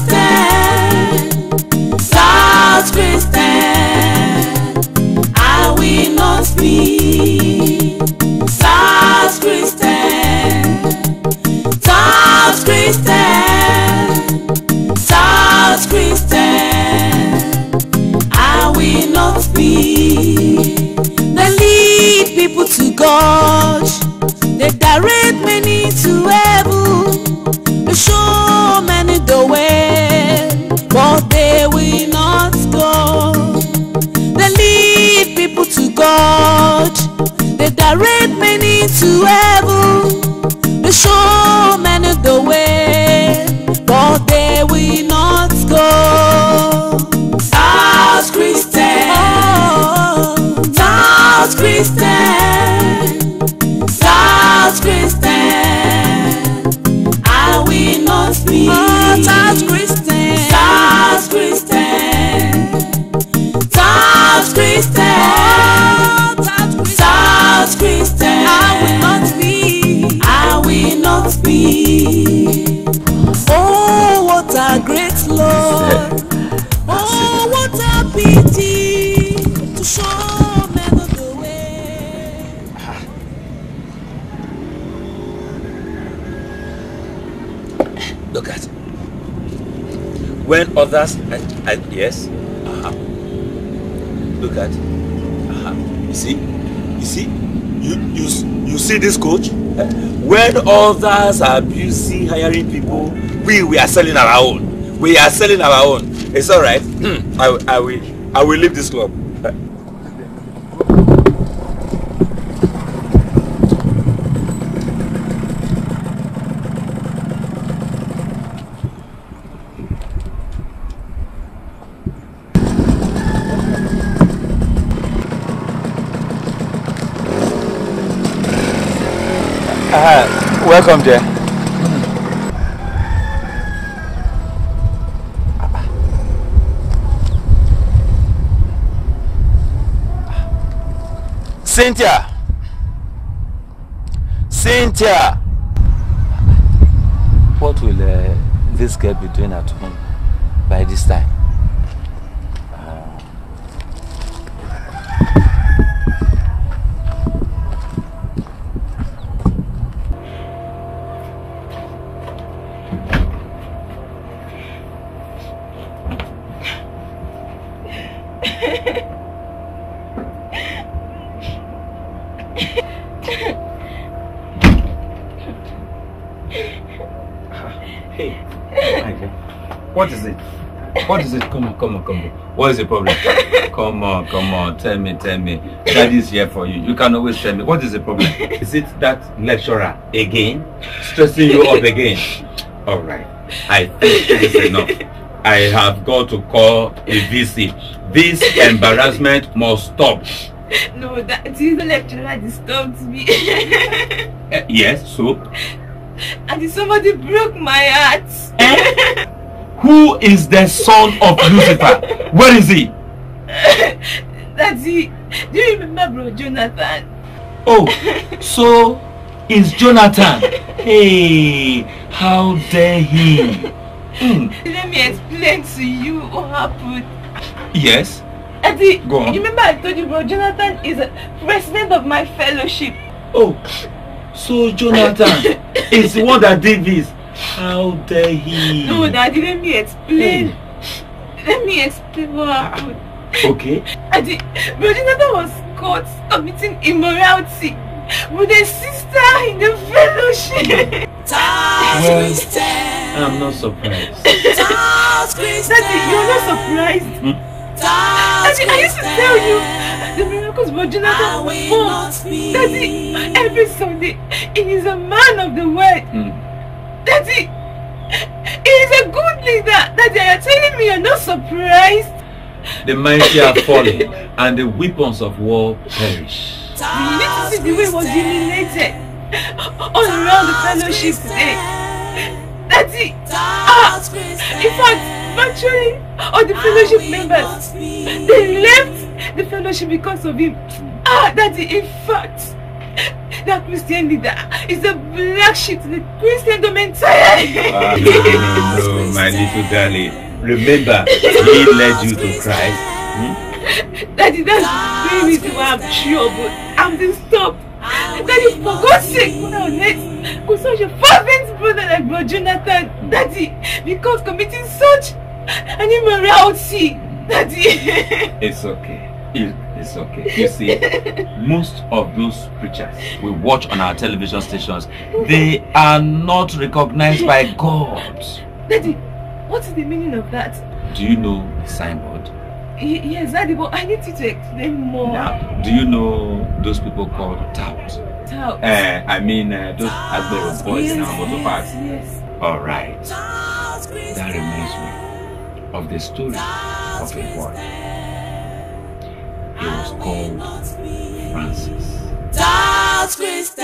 this see this coach? When others are busy hiring people, we, we are selling our own. We are selling our own. It's all right. Hmm. I, I, will, I will leave this club. Welcome, dear. Cynthia. Cynthia. What will uh, this girl be doing at home by this time? What is the problem? come on, come on, tell me, tell me. Daddy's here for you. You can always tell me. What is the problem? Is it that lecturer again? Stressing you up again? All right. I think it is enough. I have got to call a VC. This embarrassment must stop. No, that this lecturer disturbed me. uh, yes, so? And somebody broke my heart. Eh? Who is the son of Lucifer? Where is he? Daddy, do you remember bro Jonathan? Oh, so is Jonathan. Hey, how dare he? Mm. Let me explain to you what happened. Yes? Eddie, Go on. you remember I told you bro Jonathan is a president of my fellowship. Oh, so Jonathan is the one that did this. How dare he? No, Daddy, let me explain. Hey. Hmm. Let me explain what happened. Okay. Daddy, Brother was caught committing immorality with a sister in the fellowship. Well, I'm not surprised. Daddy, you're not surprised. Hmm? Daddy, I used to tell you the miracles Brother was born. Daddy, every Sunday, he is a man of the word. Hmm. Daddy, he is a good leader. Daddy, are you telling me you're not surprised? The mighty are falling and the weapons of war perish. We need to see the way was humiliated all around the fellowship today. Daddy, ah, in fact, virtually all the fellowship members, they left the fellowship because of him. Ah, Daddy, in fact, that Christian leader is a black sheep to the Christian entirely. Ah, no, no, my little darling. Remember, he led you to Christ. Hmm? Daddy, that's the reason why I'm troubled. I'm top. Daddy, for God's sake, when I was next, could such a fervent brother like Brother Jonathan, Daddy, because committing such an immorality, Daddy. It's okay. It's It's okay. You see, most of those preachers we watch on our television stations, they are not recognized by God. Daddy, what is the meaning of that? Do you know the signboard? Y yes, Daddy, but I need you to explain more. Now, do you know those people called tout? Tout. Uh, I mean, uh, those Asbury boys yes, now, motorbikes. Yes, yes. All right. That reminds me of the story of a boy it was called Francis. Doubt Christian,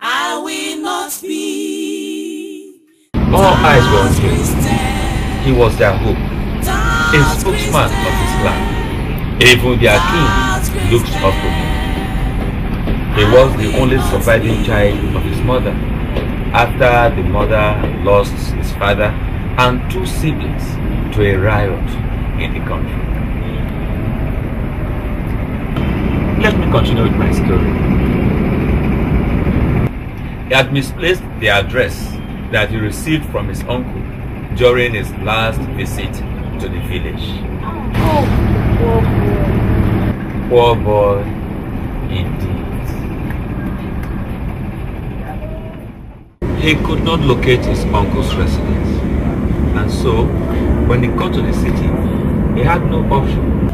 I will not be. All eyes were on him. He was their hope, a spokesman of Islam. Even their king looks up to him. He was the only surviving child of his mother after the mother lost his father and two siblings to a riot in the country. Let me continue with my story. He had misplaced the address that he received from his uncle during his last visit to the village. Oh, poor boy. Poor boy, indeed. He could not locate his uncle's residence. And so, when he got to the city, he had no option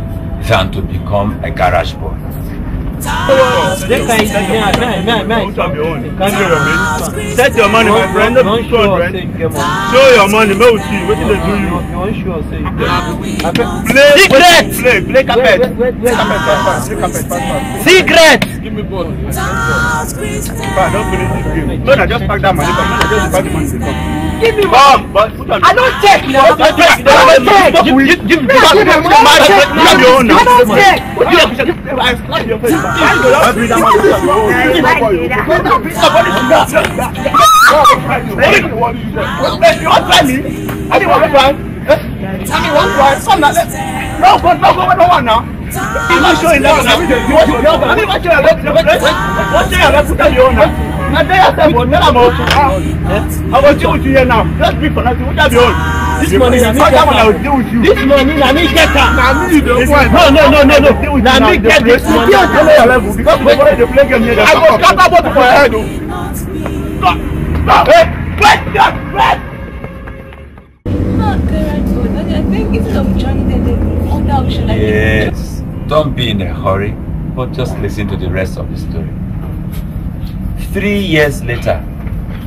than to become a garage boy. Set your money, my friend. Not 200. Show your money. May we see what they do you. You want Play, Play, play carpet. Play carpet, play carpet, fast, Secret! Give me ball. Don't put it in the game. No, I just pack that money. No, I just pack the money give me money. I don't check. I don't check. I don't check. Give me money. I don't check. I don't check. I don't check. Tell me one word, some that. No, go, no, go, no one now. I'm not showing love now. You want your love? I mean, you. your love? What's you. love to tell you now? And then I said, well, now I'm also out. I will deal with you here now. Just be for nothing. What have you on? This morning, I need I will deal with you. This morning, I need get her. Now, me, you don't want. No, no, no, no, no. Now, me, get this tell You don't know Because the money, they play game here. I will cut that bottle for your head. Stop. Stop. Hey, wait, just wait. Yes. Don't be in a hurry, but just listen to the rest of the story. Three years later,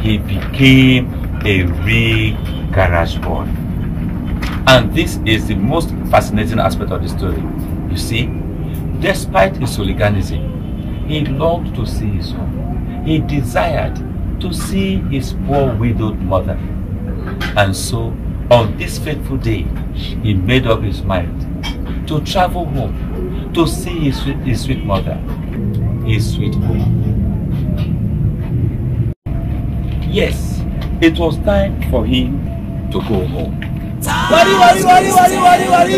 he became a real garage boy. And this is the most fascinating aspect of the story. You see, despite his hooliganism, he longed to see his home. He desired to see his poor widowed mother. And so, on this fateful day, he made up his mind to travel home to see his, sweet mother, his sweet woman. Yes, it was time for him to go home. Wari, wari, wari, wari, wari, wari.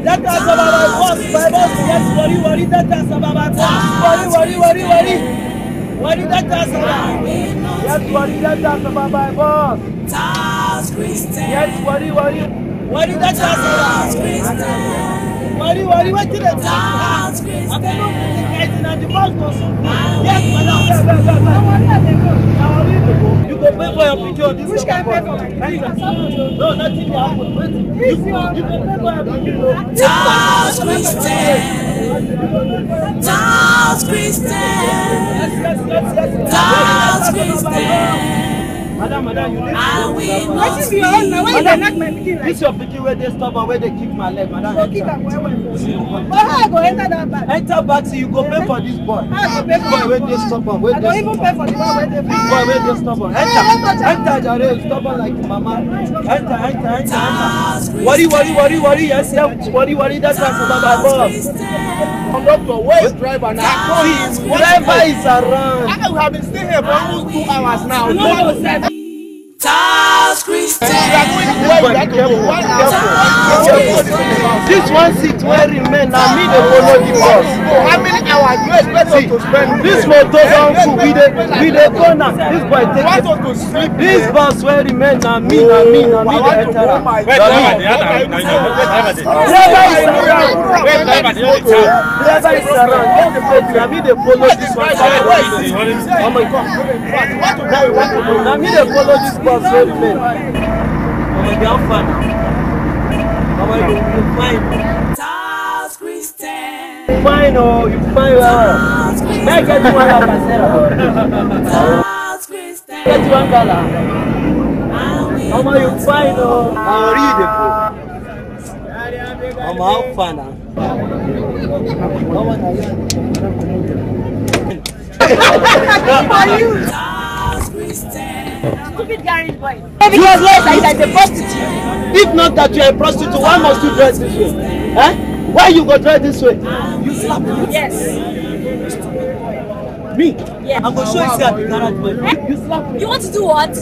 That is about my boss, my boss. Yes, wari, wari, that is about my boss. Wari, wari, wari, wari. Wari, that is about. Yes, wari, that is about my boss. Yes, wari, wari. Wari, that is about. Worry, worry, wait till the time. I'm going to the bus goes on. Yes, madam. You go pay for your picture. This Which can pay for my picture? No, nothing will happen. Wait. You go pay for your picture. Charles Christian. Charles Christian. Charles Christian madam madam you need to go to that wetin be your own why you dey knack my pikin like this your pikin wey dey stubborn where they kick my leg madam go kick am well well but how i go enter that bag enter bag see you go pay for this boy this boy wey dey stubborn wey dey stubborn i go even pay for the boy where they this boy wey dey stubborn enter enter jare stubborn like mama enter enter enter enter worry worry worry worry yes yes worry worry that's why for baba boss conductor where is driver I call him driver is around i have been staying here for almost two hours now no one go send where you are to go one careful this one seat wey remain na me dey follow the bus. how many hours you expect us to spend. this motor don full we dey we dey go now this boy take it this bus wey remain na me na me na me dey enter am. driver is around driver is around get the plate na me dey follow this one carry Wait omo come na me dey follow this bus wey remain naija ọfà náà ọmọ ìlú you fine. Charles Christian. you fine o you fine o bẹ́ẹ̀ kẹ́ tí wọ́n ra pàṣẹ́rà. Charles Christian. kẹ́ tí wọ́n gbàlà. ọmọ you fine o. àwọn orí ìdèbò ọmọ ọfà náà. ọmọ nàìjíríà. for you. Stupid garage boy. you are like that a prostitute. If not that you are a prostitute, why must you dress this way? Huh? Eh? Why you go dress this way? You slap me. Yes. Me? Yeah. I'm going show you see at the garage boy. Eh? You slap me. You want to do what?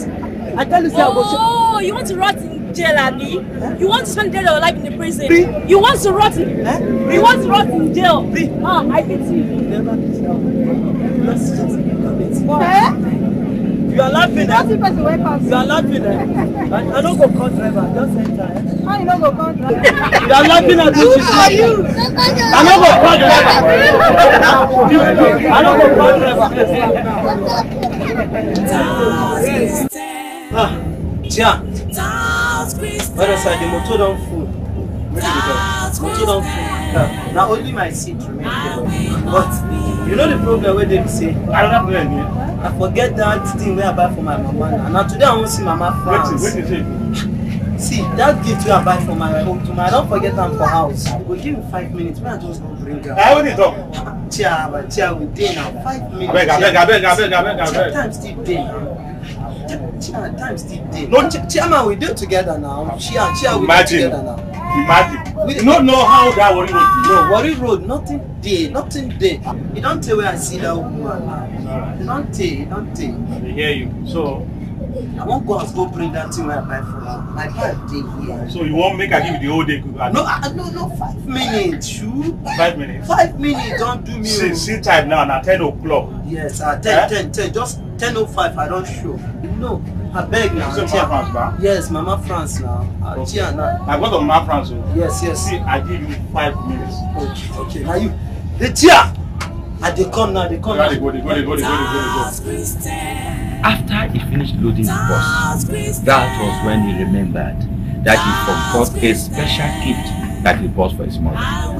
I tell you see oh, I go show Oh, you want to rot in jail, Abby? Huh? Eh? You want to spend the rest of your life in the prison? Free? You want to rot in... Huh? Eh? You want to rot in jail? Free? Ah, I pity you. Never pity you. Let's just... Huh? You are laughing. Eh? That's the person You are laughing. Eh? I, I no go call driver. Just enter. Eh? How you no go call driver? You are laughing at me. Who are you? I don't go call driver. I don't go call driver. ah, Tia. Brother sir, the motor don full. Where did you go? Motor don full. Now only my seat remain but you know the problem wey dey be say another problem here. Yeah? i forget that thing wey i buy for my mama na na today i wan see mama france wait, wait, wait. see that gift wey i buy for my home tomorrow i don forget am for house you go give you five minutes make i just go bring am. i only talk. chia but chia we dey now. five minutes. abeg abeg abeg abeg abeg abeg. time still dey. Chia, time still dey. No, Chia, man, we dey together now. Chia, Chia, we dey together now. Imagine. We no know how that Warri Road be. No, worry Road, nothing there, nothing there. You don't tell where I see that woman. right. You don't tell, don't tell. I hear you. So, I won't go house go bring that thing wey I buy for you. My bag dey here. So you won't make I give you the whole day? No, I, no, no, five minutes. You? Five minutes. Five minutes Don't do me. See, see time now, Now ten o'clock. Yes, ah, ten, eh? ten, ten, just ten o oh five. I don't show. No, abeg na. You say Mama France ba? Yes, Mama France na. Ah, okay. I go to Mama France o. Oh. Yes, yes. See, I give you five minutes. Okay, okay. Na you. the Tia! I ah, they come now, They come now. Go, dey go, dey go, dey go, dey go, dey go. After he finished loading the bus, that was when he remembered that he forgot a special gift that he bought for his mother.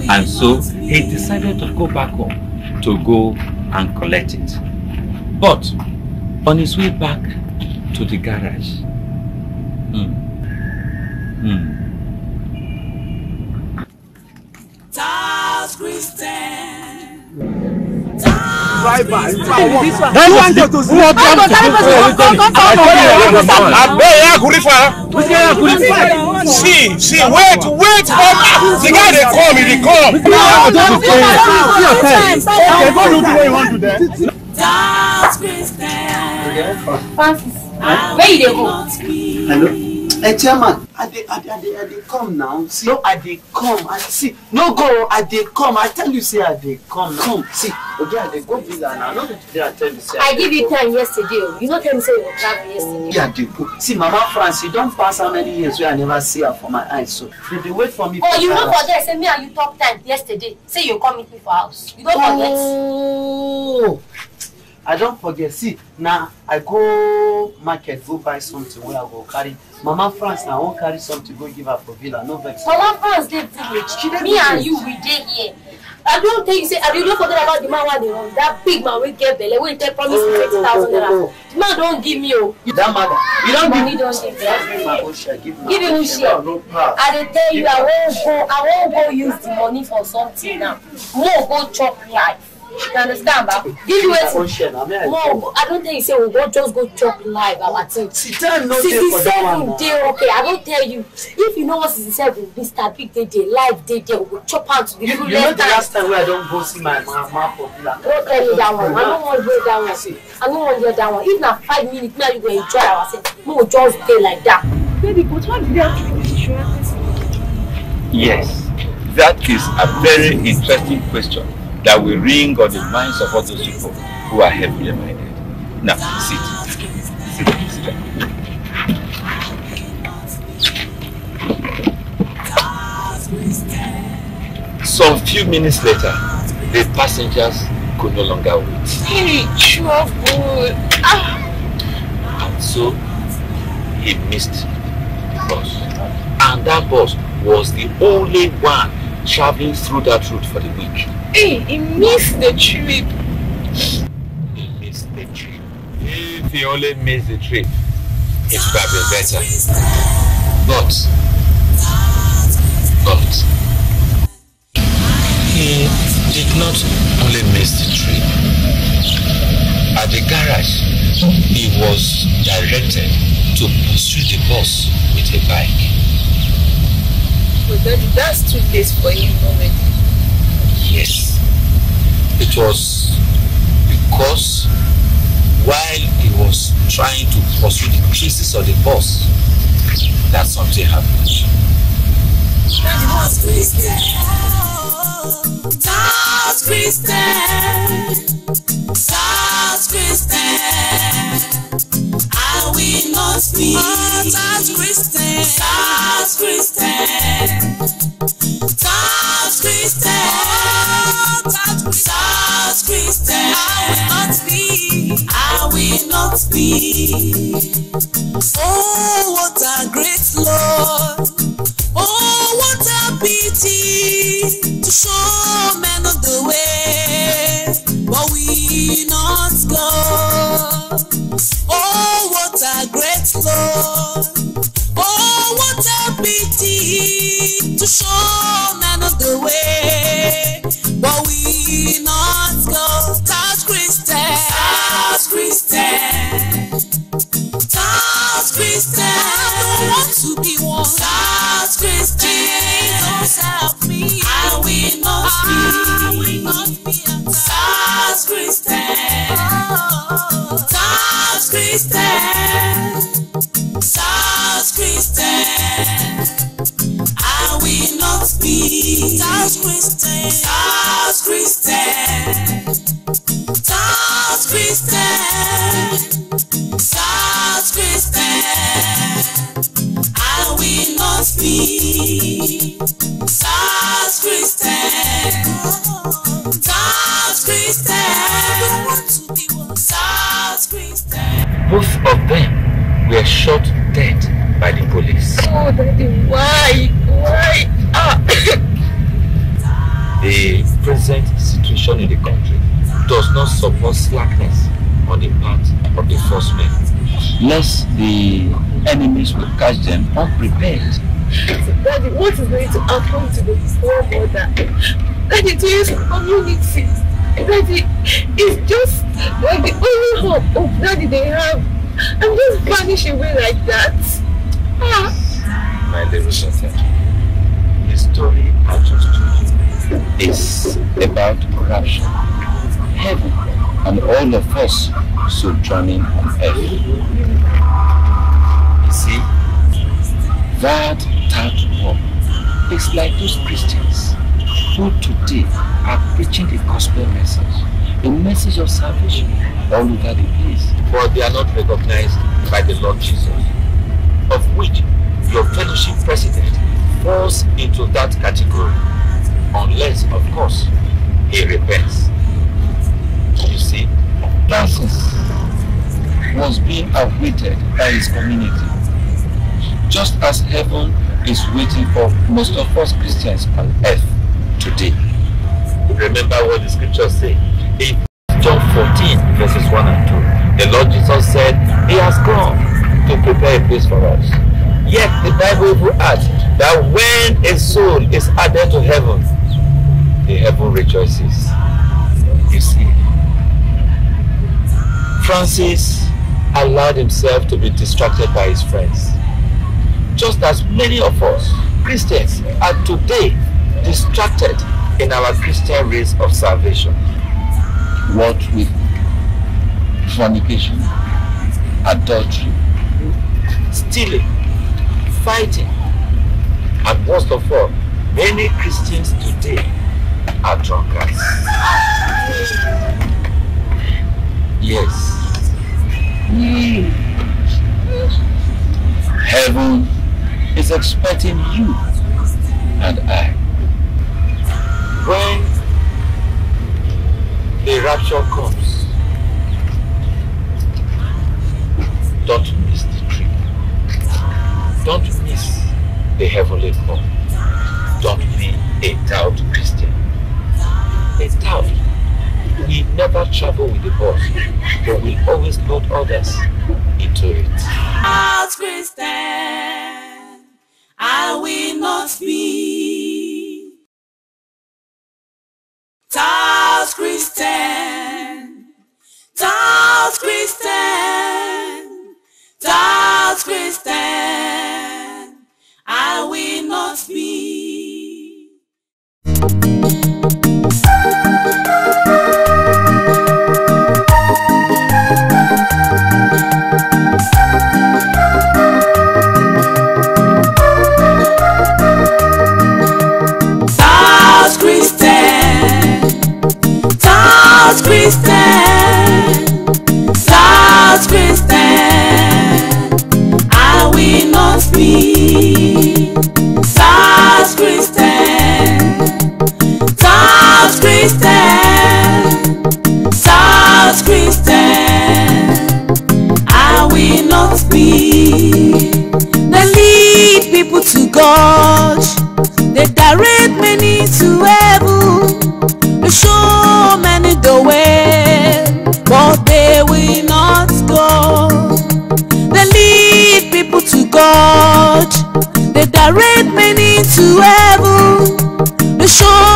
And so he decided to go back home to go and collect it. But on his way back to the garage, hmm, hmm, Christian. See, see, wait, wait for ah, The guy dey come, he dey come. where you dey go? Hello. Hey, chairman, I dey, I dey, I dey, come now. See? No, I dey come. I see. No go, I dey come. I tell you, say I dey come. Come, see. Okay, I dey go villa now. No, today I tell you, say I, I give you time yesterday. Oh. You not tell me say you were travel oh, yesterday. Yeah, I go. See, Mama France, you don pass how many years wey I never see her for my eyes. So you dey wait for me. Oh, you no forget. Say me and you talk time yesterday. Say you come meet me for house. You don forget. Oh. I don't forget. See, now I go market go buy something Where I go carry mama france I wan carry some to go give her for villa no vex. mama france dey village me and you we dey here i don't think you say abi you no forget about the man wey dey run that big man wey get belle wey tell promise me twenty oh, oh, thousand naira oh, the man don't give me oh. that mother, you don't give money don't give me. give me who share i dey tell you i won't go i won't go use the money for something now mo go chop life. You understand, ba? Give you waiting. No, I don't think you say we go just go chop live our team. Sixty-seven day okay. I don't tell you. If you know what sixty-seven, Mister Big Day Day, live day day, we go chop out to the full You know the last time where I don't go see my mama for Don't tell me that one. I don't no wan hear that one. I don't want to hear that one. Even na five minutes, me and you go enjoy ourselves. No just stay like that. Baby, go try to be Yes, that is a very interesting question. that will ring on the minds of all those people who are heavily minded. Now, sit. Sit. sit Some few minutes later, the passengers could no longer wait. Hey, trouble! Ah. And so, he missed the bus. And that bus was the only one traveling through that route for the week. Hey, he missed the trip. He missed the trip. If he only missed the trip, it would have been better. But, but He did not only miss the trip. At the garage, he was directed to pursue the bus with a bike. But well, that's too late for him already. Yes. It was because while he was trying to pursue the traces of the boss, that something happened. South Christian. South Christian. South Christian. I will not sleep. South Christian. Oh, what a great Lord. Oh, what a pity to show men of the way, but we not go. Oh, will not be. South Christian. South Christian. Christian. Both of them were shot dead by the police. Oh, daddy, why? Why? Ah. the present situation in the country does not suffer slackness on the part of the force men. lest the enemies will catch them unprepared. Daddy, what is going to happen to the poor mother? Daddy, to his community. Daddy, it's just like the only hope of Daddy they have. And just vanish away like that. Ah. My little sister, the story I just told you is about corruption. Heaven and all of us sojourning on earth. You see, that third war is like those Christians who today are preaching the gospel message, the message of salvation all over the place. But they are not recognized by the Lord Jesus, of which your fellowship president falls into that category, unless, of course, he repents you see, Francis was being awaited by his community. Just as heaven is waiting for most of us Christians on earth today. Remember what the scriptures say. In John 14, verses 1 and 2, the Lord Jesus said, He has come to prepare a place for us. Yet the Bible will add that when a soul is added to heaven, the heaven rejoices. You see, Francis allowed himself to be distracted by his friends. Just as many of us, Christians, are today distracted in our Christian race of salvation. What with fornication, adultery, stealing, fighting, and most of all, many Christians today are drunkards. Yes. Mm. Heaven is expecting you both organs. carried many to heaven. The show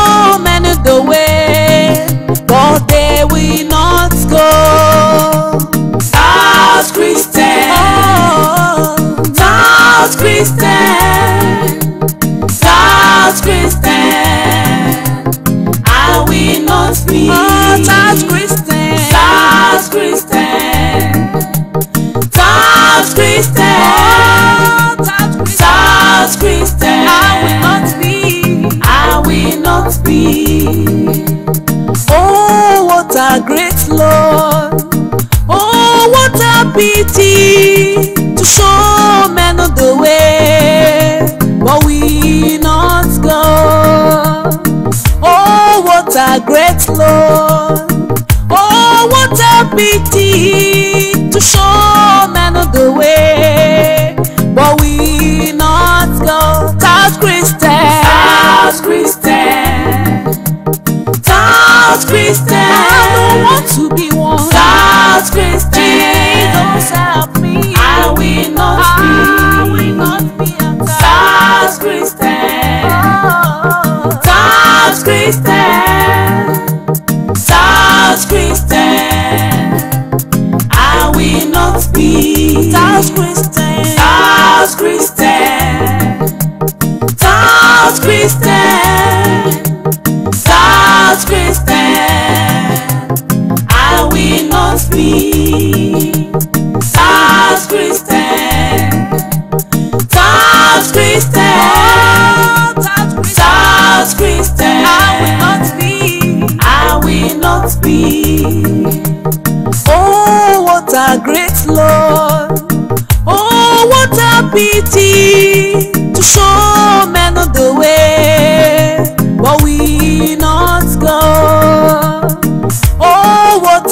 Yes, Lord. Oh, what a pity to show men the way. But we not go South Christian. South Christian. South Christian. I don't want to be one. South Christian. Jesus help me. I will not I be. Will not be a South Christian. South oh. Christian.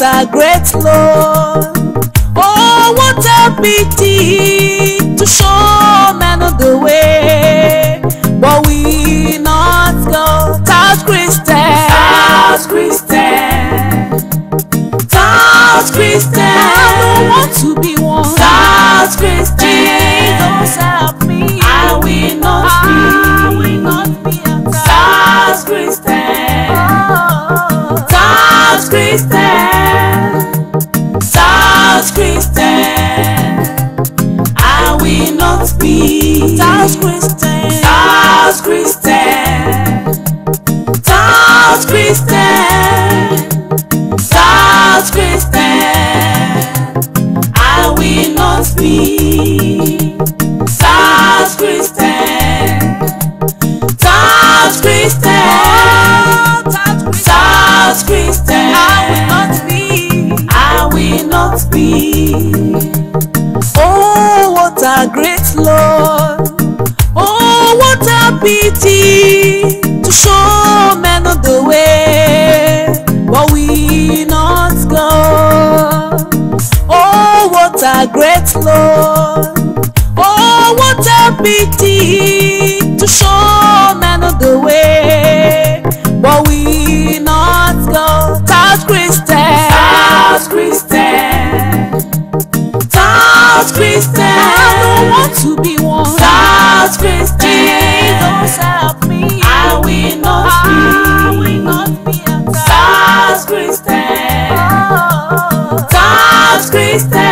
what a great Lord, Oh, what a pity to show man of the way. But we not go South Christian. South Christian. South Christian. I don't want to be one. South Christian. Jesus help me. I will not I be. I will not be a South Christian. South Christian. Oh. free. Task great Lord. Oh, what a pity to show man of the way. But we not go touch Christian. touch Christian. touch Christian. I don't want to be one. South Christian. Jesus help me. I will not I be. Will not be touch Christian. Oh. touch Christian.